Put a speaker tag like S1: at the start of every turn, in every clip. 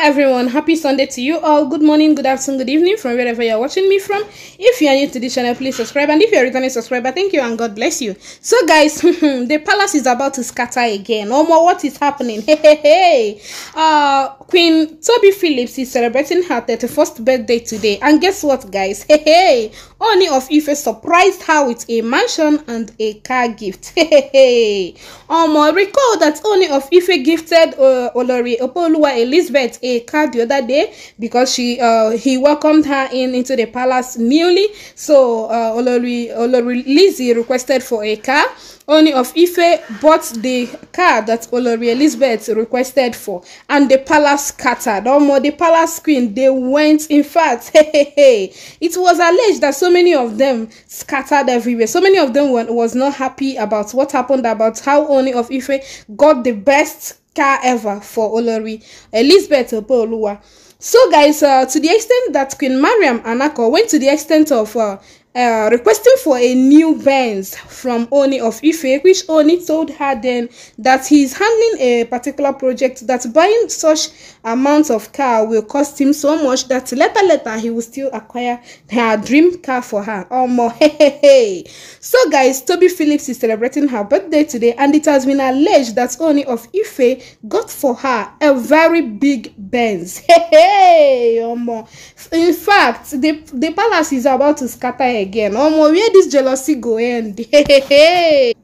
S1: everyone happy sunday to you all good morning good afternoon good evening from wherever you're watching me from if you are new to this channel please subscribe and if you're a returning subscriber thank you and god bless you so guys the palace is about to scatter again oh more what is happening hey hey hey uh queen toby phillips is celebrating her 31st birthday today and guess what guys hey Oni of Ife surprised her with a mansion and a car gift. Hey, um, recall that Oni of Ife gifted uh, Olori Opoluwa Elizabeth a car the other day because she uh, he welcomed her in into the palace newly. So uh, Olori Olori Lizzie requested for a car. Oni of Ife bought the car that Olori Elizabeth requested for, and the palace scattered. Omo, the palace queen, they went. In fact, hey, hey, hey, it was alleged that so many of them scattered everywhere. So many of them were, was not happy about what happened, about how Oni of Ife got the best car ever for Olori Elizabeth Opeoluwa. So guys, uh, to the extent that Queen Mariam Anako went to the extent of uh, Uh, requesting for a new Benz from Oni of Ife, which Oni told her then that he's handling a particular project that buying such amounts of car will cost him so much that later later he will still acquire her dream car for her. Oh more hey, hey, hey. So guys, Toby Phillips is celebrating her birthday today and it has been alleged that Oni of Ife got for her a very big Benz. Hey, hey, oh more. In fact, the, the palace is about to scatter again again omo where this jealousy go end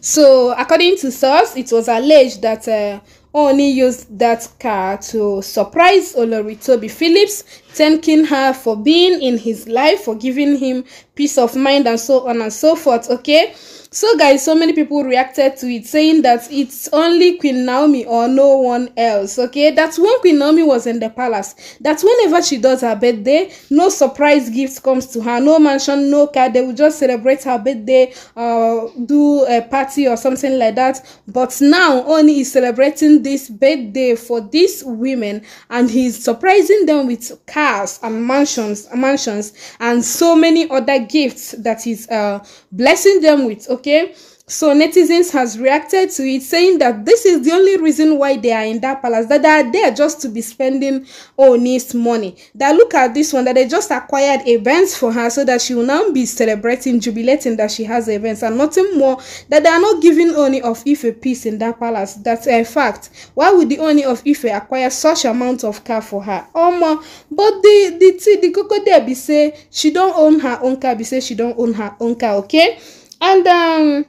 S1: so according to source it was alleged that uh, Ooni used that car to surprise Oloritobi Phillips, thanking her for being in his life, for giving him peace of mind, and so on and so forth. Okay, So guys, so many people reacted to it saying that it's only Queen Naomi or no one else, okay? That's when Queen Naomi was in the palace. That whenever she does her birthday, no surprise gift comes to her. No mansion, no car. They will just celebrate her birthday, uh, do a party or something like that. But now, only is celebrating this birthday for these women and he's surprising them with cars and mansions, mansions and so many other gifts that he's uh, blessing them with, okay? okay so netizens has reacted to it saying that this is the only reason why they are in that palace that they are there just to be spending Ooni's money that look at this one that they just acquired events for her so that she will now be celebrating jubilating that she has events and nothing more that they are not giving Ooni of Ife peace in that palace that's a fact why would the Ooni of Ife acquire such amount of car for her Oh my! but the the the, the koko there be say she don't own her own car be say she don't own her own car okay And um,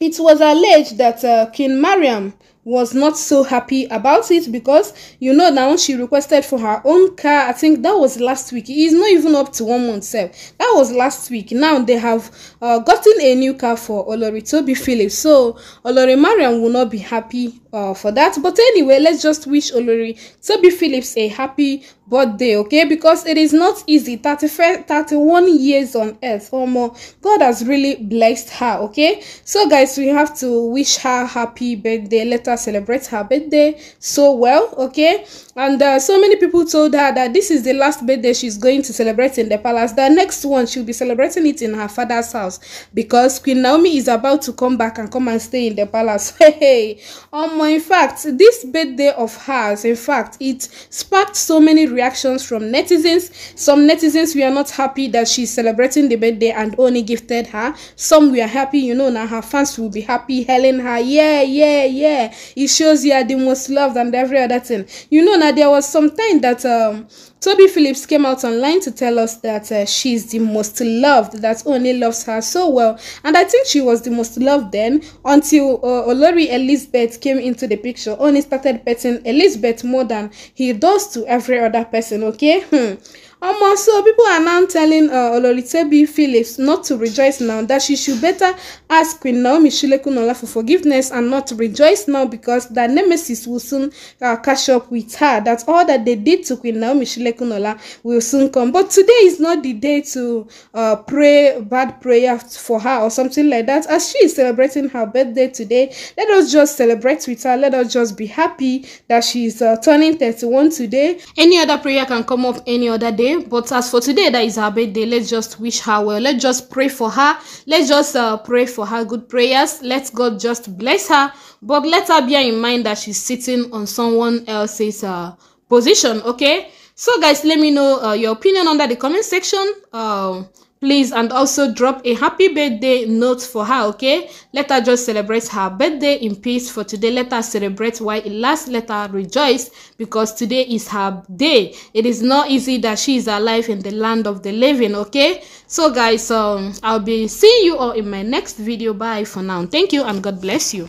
S1: it was alleged that uh, Queen Mariam was not so happy about it because you know now she requested for her own car i think that was last week it's not even up to one month self that was last week now they have uh, gotten a new car for olori toby phillips so olori mariam will not be happy uh, for that. But anyway, let's just wish Olori Toby Phillips a happy birthday, okay? Because it is not easy. 31, 31 years on earth or more. God has really blessed her, okay? So, guys, we have to wish her happy birthday. Let her celebrate her birthday so well, okay? And uh, so many people told her that this is the last birthday she's going to celebrate in the palace. The next one, she'll be celebrating it in her father's house because Queen Naomi is about to come back and come and stay in the palace. Hey, hey. Um, Omo, in fact, this birthday of hers, in fact, it sparked so many reactions from netizens. Some netizens were not happy that she's celebrating the birthday and only gifted her. Some were happy, you know, now her fans will be happy, hailing her, yeah, yeah, yeah. It shows you are the most loved and every other thing. You know, now there was some time that um, Toby Phillips came out online to tell us that uh, she the most loved, that only loves her so well. And I think she was the most loved then until uh, Olori Elizabeth came into the picture. Only started petting Elizabeth more than he does to every other person, okay? Hmm. Um, so people are now telling uh, Phillips not to rejoice now, that she should better ask Queen Naomi Shilekunola for forgiveness and not rejoice now because that nemesis will soon uh, catch up with her. That all that they did to Queen Naomi Shilekunola will soon come. But today is not the day to uh, pray bad prayer for her or something like that. As she is celebrating her birthday today, let us just celebrate with her. Let us just be happy that she is uh, turning 31 today. Any other prayer can come up any other day okay but as for today that is her birthday let's just wish her well let's just pray for her let's just uh, pray for her good prayers let god just bless her but let her bear in mind that she's sitting on someone else's uh, position okay so guys let me know uh, your opinion under the comment section uh, please and also drop a happy birthday note for her okay let her just celebrate her birthday in peace for today let her celebrate why it lasts let her rejoice because today is her day it is not easy that she is alive in the land of the living okay so guys um i'll be seeing you all in my next video bye for now thank you and god bless you